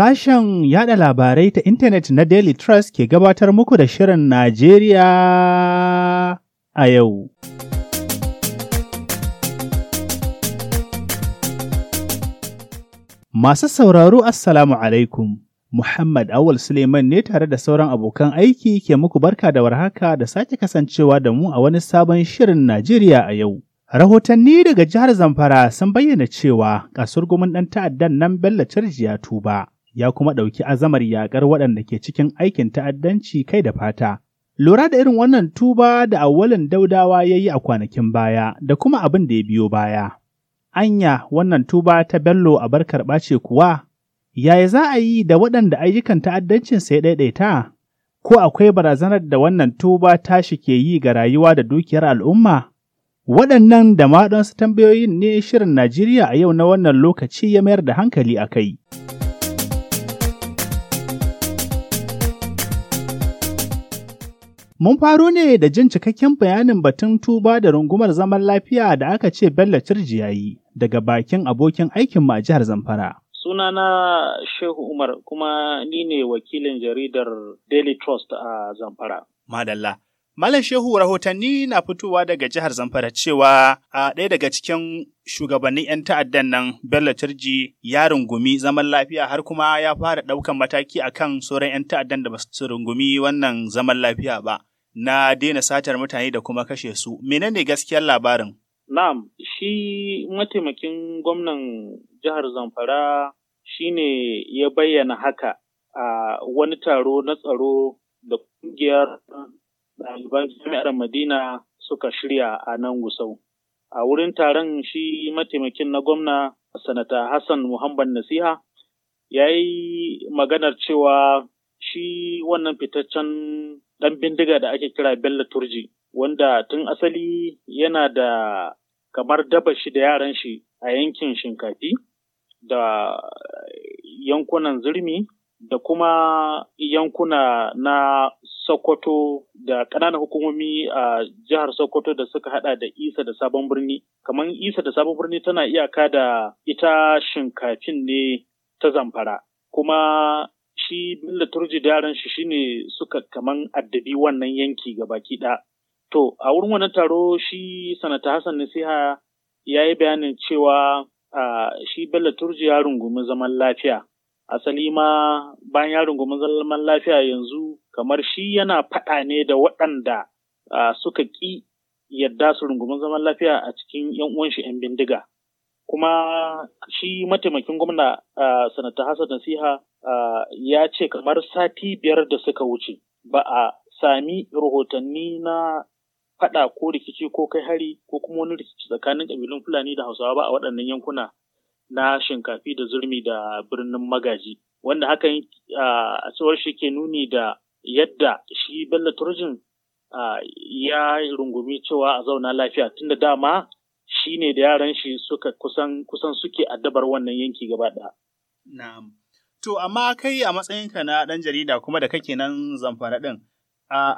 Sashen yada labarai ta intanet na Daily Trust ke gabatar muku da Shirin Najeriya a yau. Masu sauraro Assalamu alaikum. Muhammad Awul Suleiman ne tare da sauran abokan aiki ke muku barka da warhaka da sake kasancewa da mu a wani sabon shirin Najeriya a yau. Rahotanni daga jihar Zamfara sun bayyana cewa kasurgumin ɗan ta'addan nan Bello Cirji ya tuba. ya kuma ɗauki azamar yaƙar waɗanda ke cikin aikin ta'addanci kai da fata. Lura da irin wannan tuba da awalin daudawa ya yi a kwanakin baya da kuma abin da ya biyo baya. Anya wannan tuba ta Bello a barkar ɓace kuwa, yaya za a yi da waɗanda ayyukan ta'addancin sai ɗaiɗaita? Ko akwai barazanar da wannan tuba tashi ke yi ga rayuwa da dukiyar al'umma? Waɗannan da maɗansu tambayoyin ne shirin Najeriya a yau na wannan lokaci ya mayar da hankali a kai. Mun faro ne da jin cikakken bayanin batun tuba da rungumar zaman lafiya da aka ce Bello Cirji ya yi daga bakin abokin aikinmu a jihar Zamfara. Sunana Shehu Umar kuma ni ne wakilin jaridar Daily Trust a Zamfara. Madalla. Malam Shehu rahotanni na fitowa daga jihar Zamfara cewa a ɗaya daga cikin shugabannin 'yan ta'addan nan Bello Turji ya rungumi zaman lafiya har kuma ya fara ɗaukan mataki akan sauran 'yan ta'addan da ba su rungumi wannan zaman lafiya ba. na daina satar mutane da kuma kashe su. Menene gaskiyar labarin? Na'am, shi mataimakin gwamnan jihar Zamfara shi ne ya bayyana haka a wani taro na tsaro da ƙungiyar ɗaliban jami'ar Madina suka shirya a nan Gusau. A wurin taron shi mataimakin na gwamna Sanata Hassan Muhammad Nasiha ya yi maganar cewa shi wannan fitaccen ɗan bindiga da ake kira Bello Turji, wanda tun asali yana da kamar daba shi da yaran shi a yankin Shinkafi da yankunan Zirmi da kuma yankuna na Sokoto da ƙananan hukumomi a jihar Sokoto da suka hada da Isa da Sabon Birni. Kamar Isa da Sabon Birni tana iyaka da ita shinkafin ne ta zamfara. Kuma shi Bello Turji daren shi shine suka kaman addabi wannan yanki ga baki da. To, a wurin wannan taro shi sanata Hassan Nasiha ya yi bayanin cewa shi Bello Turji ya rungumi zaman lafiya. Asali ma bayan ya rungumi zaman lafiya yanzu kamar shi yana faɗa ne da waɗanda suka ƙi yadda su rungumi zaman lafiya a cikin 'yan uwan shi 'yan bindiga. Kuma shi mataimakin gwamna sanata Hassan Nasiha ya ce kamar sati biyar da suka wuce ba a sami rahotanni na faɗa ko rikici ko kai hari ko kuma wani rikici tsakanin ƙabilun Fulani da Hausawa ba a waɗannan yankuna na shinkafi da zurmi da birnin magaji wanda hakan a tsawar shi ke nuni da yadda shi Bello Turjin ya rungumi cewa a zauna lafiya tunda dama shi ne da yaran shi suka kusan suke addabar wannan yanki gaba ɗaya. Na'am. To, amma kai a matsayinka na ɗan jarida kuma da kake nan zamfara ɗin,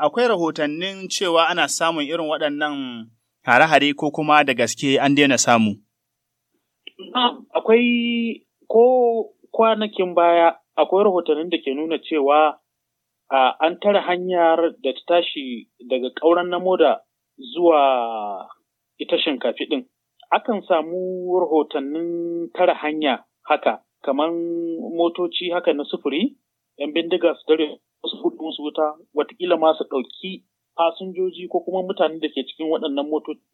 akwai rahotannin cewa ana samun irin waɗannan hare-hare ko kuma da gaske an daina samu? Akwai ko kwanakin baya akwai rahotannin da ke nuna cewa an tara hanyar da ta tashi daga ƙauran namo da zuwa ita shinkafi ɗin. Akan samu rahotannin tara hanya haka. kamar motoci haka na sufuri yan bindiga su dare su hudu musu wuta watakila masu ɗauki fasinjoji ko kuma mutanen da ke cikin waɗannan motoci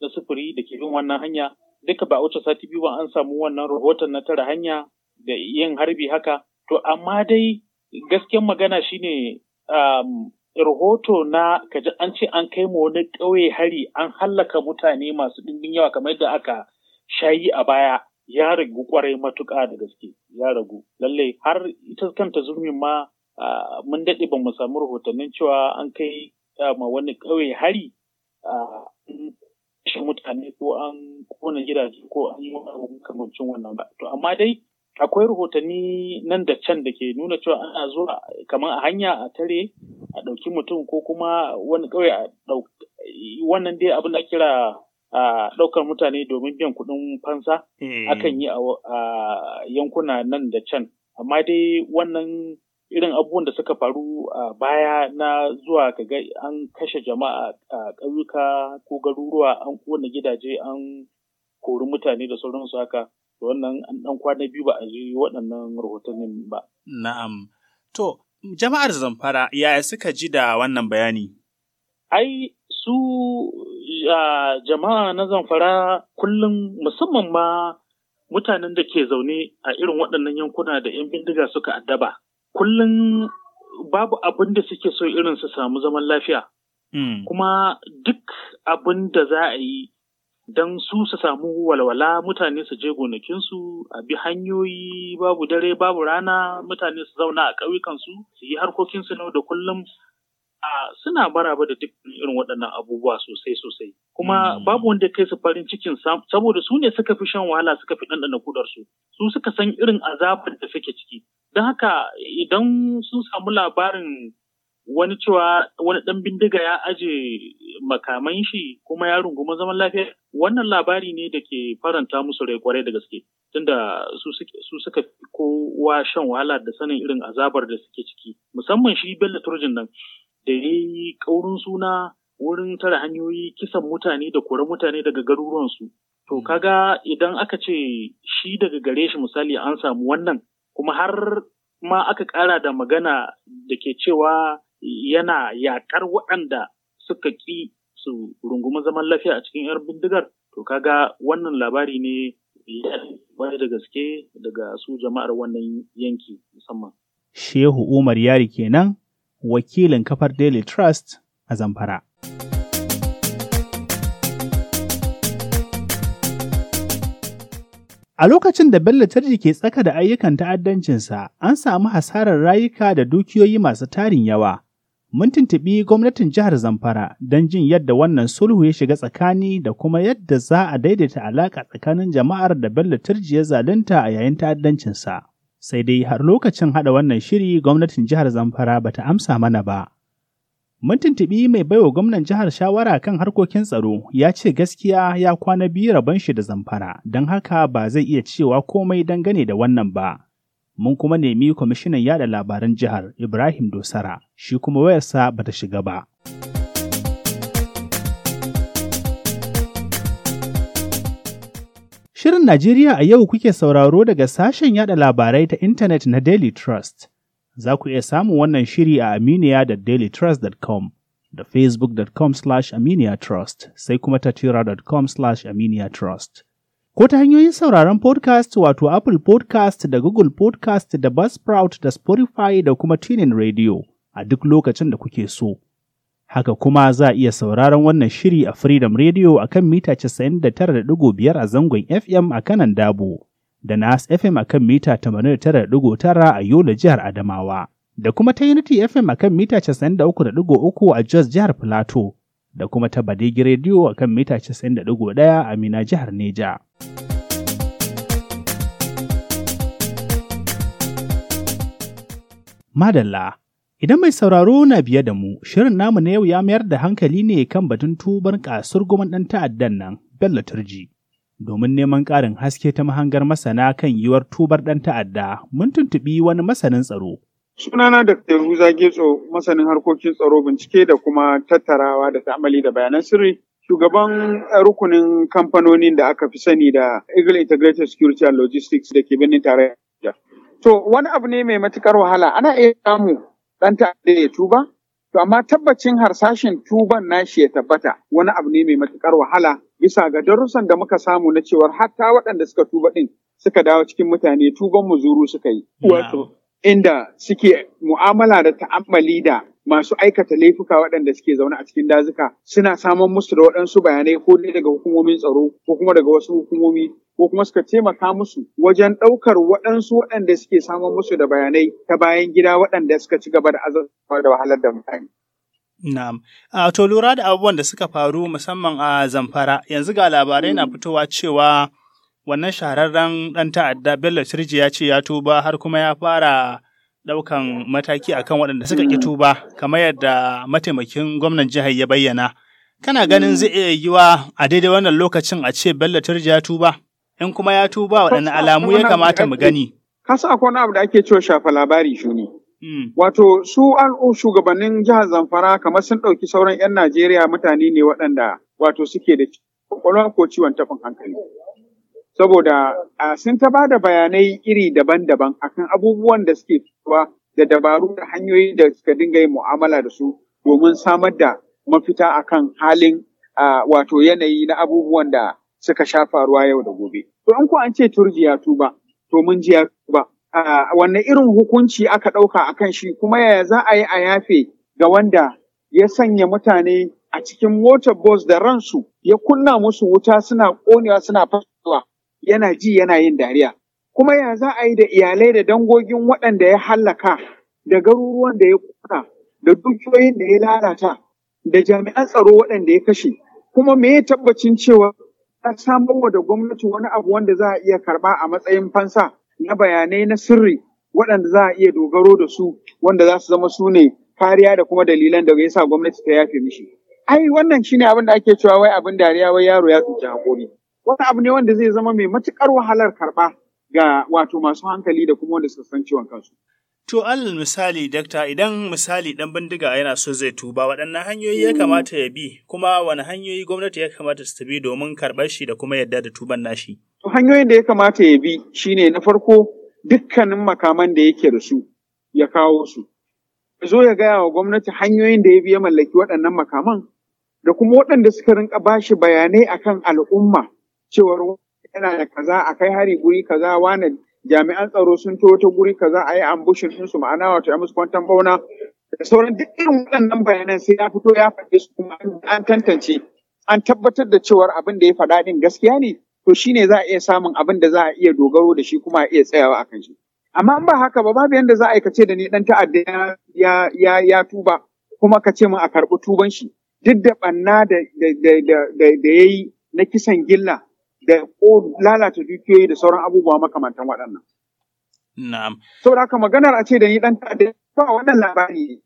na sufuri da ke bin wannan hanya duka ba wuce sati biyu ba an samu wannan rahoton na tara hanya da yin harbi haka to amma dai gasken magana shine um, rahoto na kaji an ce an kai mu wani ƙauye hari an hallaka mutane masu ɗimbin yawa kamar yadda aka shayi a baya ya ragu kwarai matuƙa da gaske ya ragu lallai har ita kanta zurmin ma mun daɗe ba mu samu rahotannin cewa an kai ma wani ƙauye hari shi mutane ko an kona gidaje ko an yi wani kamancin wannan ba to amma dai akwai rahotanni nan da can da ke nuna cewa ana zuwa kamar a hanya a tare a ɗauki mutum ko kuma wani ƙauye a ɗauki wannan dai abin da kira A ɗaukar mutane domin biyan kuɗin fansa hmm. akan yi a yankuna nan da can amma dai wannan irin abubuwan da suka faru a baya na zuwa kaga an kashe jama'a a ƙauyuka ko garuruwa an kona gidaje an kori mutane da sauransu haka da wannan an ɗan kwana biyu ba a ji waɗannan rahotannin ba. Na'am. To, jama'ar Zamfara yaya suka ji da wannan bayani? Ai, su jama'a na zamfara kullum musamman ma mutanen da ke zaune a irin waɗannan yankuna da 'yan bindiga suka addaba kullum babu abin da suke so irin su samu zaman lafiya hmm. kuma duk abin da za a yi don su su samu walwala mutane su je gonakinsu a bi hanyoyi babu dare babu rana mutane su zauna a ƙauyukansu su yi harkokinsu na da kullum A'a, suna baraba da duk irin waɗannan abubuwa sosai sosai kuma hmm. babu wanda kai su farin cikin saboda su ne suka fi shan wahala suka fi ɗanɗana kudar su suka san irin azabar da suke ciki don haka idan sun samu labarin wani cewa wani ɗan bindiga ya aje makaman shi kuma ya runguma zaman lafiya wannan labari ne da ke faranta musu rai kwarai da gaske tunda su suka kowa shan wahala da sanin irin azabar da suke ciki musamman shi bello turjin nan da ya yi ƙaurin suna wurin tare hanyoyi kisan mutane da kore mutane daga garuruwansu. To hmm. kaga idan aka ce shi daga gare shi misali an samu wannan kuma har ma aka ƙara da magana da ke cewa yana yaƙar waɗanda suka ƙi su rungumi zaman lafiya a cikin 'yar bindigar. To kaga wannan labari ne wani da gaske daga su jama'ar wannan yanki musamman. Shehu Umar Yari kenan wakilin kafar Daily Trust a Zamfara. A lokacin da Bello Tarji ke tsaka da ayyukan ta'addancinsa, an samu hasarar rayuka da dukiyoyi masu tarin yawa. Mun tuntuɓi gwamnatin jihar Zamfara don jin yadda wannan sulhu ya shiga tsakani da kuma yadda za a daidaita alaƙa tsakanin jama'ar da Bello Tarji ya zalunta a yayin ta'addancinsa. sai dai har lokacin haɗa wannan shiri gwamnatin jihar Zamfara ba ta amsa mana ba. Mun tuntuɓi mai baiwa gwamnan jihar shawara kan harkokin tsaro ya ce gaskiya ya kwana biyu rabon shi da Zamfara don haka ba zai iya cewa komai dangane da wannan ba. Mun kuma nemi kwamishinan yada labaran jihar Ibrahim Dosara shi kuma wayarsa ba ta shiga ba. Shirin Najeriya a yau kuke sauraro daga sashen yada labarai ta intanet na Daily Trust. Za ku iya samun wannan shiri a Aminiya da dailytrust.com da facebook.com slash aminiyatrust sai kuma tatira.com slash aminiyatrust. Ko ta hanyoyin sauraron podcast wato Apple podcast da Google podcast da Buzzsprout da Spotify da kuma Tunin Radio a duk lokacin da kuke so. Haka kuma za a iya sauraron wannan shiri a Freedom Radio a kan mita 99.5 a zangon FM a kanan Dabo, da Nas FM a kan mita 89.9 a Yola jihar Adamawa, da kuma ta Unity FM a kan mita 93.3 a Jos jihar Filato, da kuma ta Badegi Radio a kan mita 91 a Mina jihar Neja. Madalla Idan mai sauraro na biye da mu, shirin namu na yau ya mayar da hankali ne kan batun tubar kasar goman ɗan ta'addan nan, Bello Turji. Domin neman ƙarin haske ta mahangar masana kan yiwuwar tubar ɗan ta'adda, mun tuntuɓi wani masanin tsaro. Sunana da Yahuza Getso, masanin harkokin tsaro bincike da kuma tattarawa da ta'amali da bayanan sirri. Shugaban eh, rukunin kamfanonin da aka fi sani da Eagle Integrated Security and Logistics da ke birnin tarayya. To, wani abu ne mai matuƙar wahala, ana iya samu ɗan ta'adda ya tuba? To amma tabbacin harsashin tuban na shi ya tabbata wani abu ne mai matuƙar wahala bisa ga darussan da muka samu na cewar hatta waɗanda suka tuba ɗin suka dawo cikin mutane tuban muzuru suka yi. Wato inda suke mu'amala da ta'ammali da masu aikata laifuka waɗanda suke zaune a cikin dazuka suna samun musu da waɗansu bayanai ko ne daga hukumomin tsaro ko kuma daga wasu hukumomi ko kuma suka taimaka musu wajen ɗaukar waɗansu waɗanda suke samun musu da bayanai ta bayan gida waɗanda suka ci gaba da azabtar da wahalar da mutane. Na'am. A to lura da abubuwan da suka faru musamman a Zamfara yanzu ga labarai na mm. fitowa cewa wannan shahararren ɗan ta'adda Bello Sirji ya ce ya tuba har kuma ya fara ɗaukan mataki akan waɗanda suka ƙi tuba kamar yadda mataimakin gwamnan jihar ya bayyana. Kana ganin zai iya yiwa a daidai wannan lokacin a ce Bello Turji ya tuba? In kuma ya tuba waɗanne alamu ya kamata mu gani? Kasa akwai wani abu da ake cewa shafa labari shuni. Hmm. Wato su an shugabannin jihar Zamfara kamar sun ɗauki sauran 'yan Najeriya mutane ne waɗanda wato suke da kwakwalwa ko ciwon tafin hankali. saboda sun ta bada bayanai iri daban-daban akan abubuwan da suke fitowa da dabaru da hanyoyi da suka dinga yin mu'amala da su domin samar da mafita akan halin wato yanayi na abubuwan da suka sha faruwa yau da gobe. To in ko an ce turjiya tuba, to mun ji ya tuba. Wanne irin hukunci aka ɗauka akan shi kuma yaya za a yi a yafe ga wanda ya sanya mutane a cikin motar bus da ransu ya kunna musu wuta suna ƙonewa suna fasuwa yana ji yana yin dariya kuma ya za a yi da iyalai da dangogin waɗanda ya hallaka da garuruwan da ya kuna da dukiyoyin da ya lalata da jami'an tsaro waɗanda ya kashe kuma me ya tabbacin cewa ta samar wa da gwamnati wani abu wanda za a iya karɓa a matsayin fansa na bayanai na sirri waɗanda za a iya dogaro da su wanda za su zama su ne kariya da kuma dalilan da ya sa gwamnati ta yafe mishi. Ai wannan shine abin da ake cewa wai abin dariya wai yaro ya tsinci hakori. wani abu ne wanda zai zama mai matuƙar wahalar karɓa ga wato masu hankali da kuma wanda su san ciwon kansu. To alal misali dakta idan misali dan bindiga yana so zai tuba waɗannan hanyoyi ya kamata ya bi kuma wani hanyoyi gwamnati ya kamata su bi domin karɓar shi da kuma yadda da tuban nashi. To hanyoyin da ya kamata ya bi shine na farko dukkanin makaman da yake da su ya kawo su. Zo ya gaya wa gwamnati hanyoyin da ya bi ya mallaki waɗannan makaman da kuma waɗanda suka rinka bashi bayanai akan al'umma cewar yana da kaza a kai hari guri kaza wani jami'an tsaro sun to ta guri kaza a yi ambushin su ma'ana wato ya musu kwantan bauna da sauran duk irin waɗannan bayanan sai ya fito ya faɗe su kuma an tantance an tabbatar da cewar abin da ya faɗa ɗin gaskiya ne to shine za a iya samun abin da za a iya dogaro da shi kuma a iya tsayawa akan shi amma in ba haka ba babu yanda za a aikace da ni dan ta'adda ya ya tuba kuma ka ce min a karɓi tuban shi duk da ɓanna da da da yayi na kisan gilla da lalata dukiyoyi da sauran abubuwa makamantan waɗannan. Na'am. Saboda haka maganar a ce da ni ɗan ta'adda ba wannan labari ne.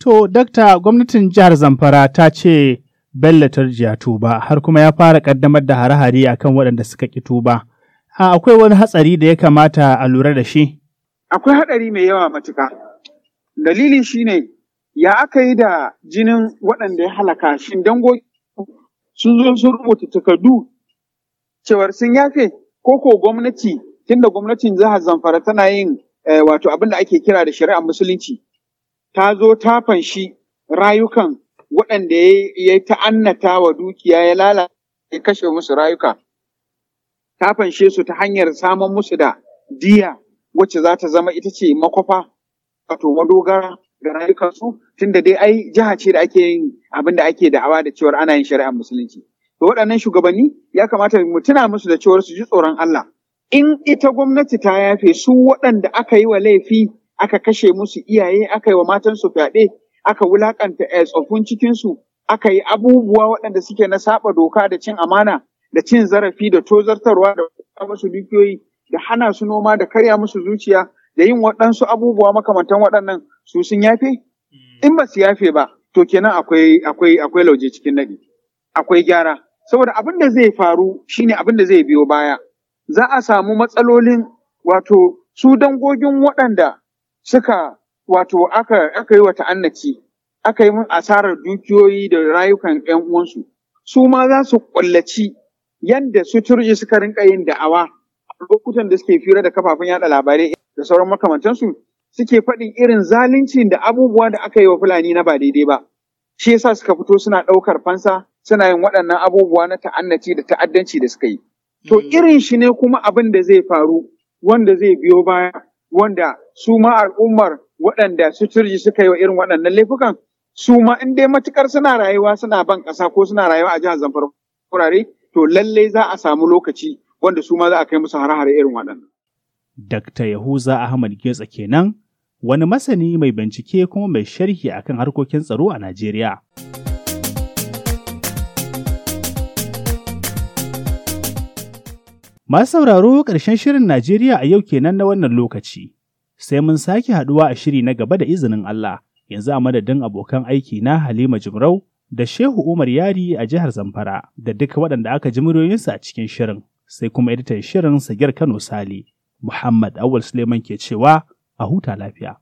To, Dakta, gwamnatin jihar Zamfara ta ce Bello Tarjiya tuba har kuma ya fara ƙaddamar da hare-hare kan waɗanda suka ƙi tuba. A akwai wani hatsari da ya kamata a lura da shi? Akwai hatsari mai yawa matuka. Dalili shine ya aka yi da jinin waɗanda ya halaka shin dango sun zo sun rubuta takardu cewar sun yafe ko ko gwamnati tunda gwamnatin jihar Zamfara tana yin eh, wato abin da ake kira da shari'ar musulunci ta zo ta fanshi rayukan waɗanda ya ta'annata wa dukiya ya lalata ya kashe musu rayuka ta fanshe su ta hanyar samun musu da diya wacce za ta zama ita ce makwafa wato madogara da rayukansu tunda dai ai jiha ce da ake yin abin da ake da'awa da cewar ana yin shari'ar musulunci Da waɗannan shugabanni ya kamata mu tuna musu da cewar su ji tsoron Allah in ita gwamnati ta yafe su waɗanda aka yi wa laifi aka kashe musu iyaye aka yi wa matansu fyaɗe aka wulaƙanta a eh, tsofin cikinsu aka yi abubuwa waɗanda suke na saɓa doka da cin amana da cin zarafi da tozartarwa da musu dukiyoyi da hana su noma da karya musu zuciya da yin waɗansu abubuwa makamantan waɗannan su sun yafe hmm. in ba su yafe ba to kenan akwai akwai lauje cikin nadi akwai gyara saboda abin da zai faru shine abin da zai biyo baya za a samu matsalolin wato su dangogin waɗanda suka wato aka aka yi wa ta'annaci aka yi asarar dukiyoyi da rayukan ƴan uwansu su ma za su ƙwallaci yadda su turji suka rinka yin da'awa lokutan da suke fira da kafafun yada labarai da sauran makamantansu suke faɗin irin zalunci da abubuwa da aka yi wa fulani na ba daidai ba shi yasa suka fito suna ɗaukar fansa suna yin waɗannan abubuwa na ta'annaci da ta'addanci da suka yi. To hmm. irin shi ne kuma abin da zai faru wanda zai biyo baya wanda su ma al'ummar waɗanda su turji suka yi wa irin waɗannan laifukan su ma in dai matukar suna rayuwa suna ban ƙasa ko suna rayuwa a jihar Zamfara kurare to lallai za a samu lokaci wanda su ma za a kai musu har hare irin waɗannan. Dakta Yahuza Ahmad Getsa kenan wani masani mai bincike kuma mai sharhi akan harkokin tsaro a Najeriya. Masu sauraro ƙarshen shirin Najeriya a yau kenan na wannan lokaci. Sai mun sake haɗuwa a shiri na gaba da izinin Allah, yanzu a madadin abokan aiki na Halima Jumrau da Shehu Umar Yari a jihar Zamfara da duk waɗanda aka ji muryoyinsu a cikin shirin, sai kuma editan shirin Sagir Kano Sali. Muhammad Awul Suleiman ke cewa a huta lafiya.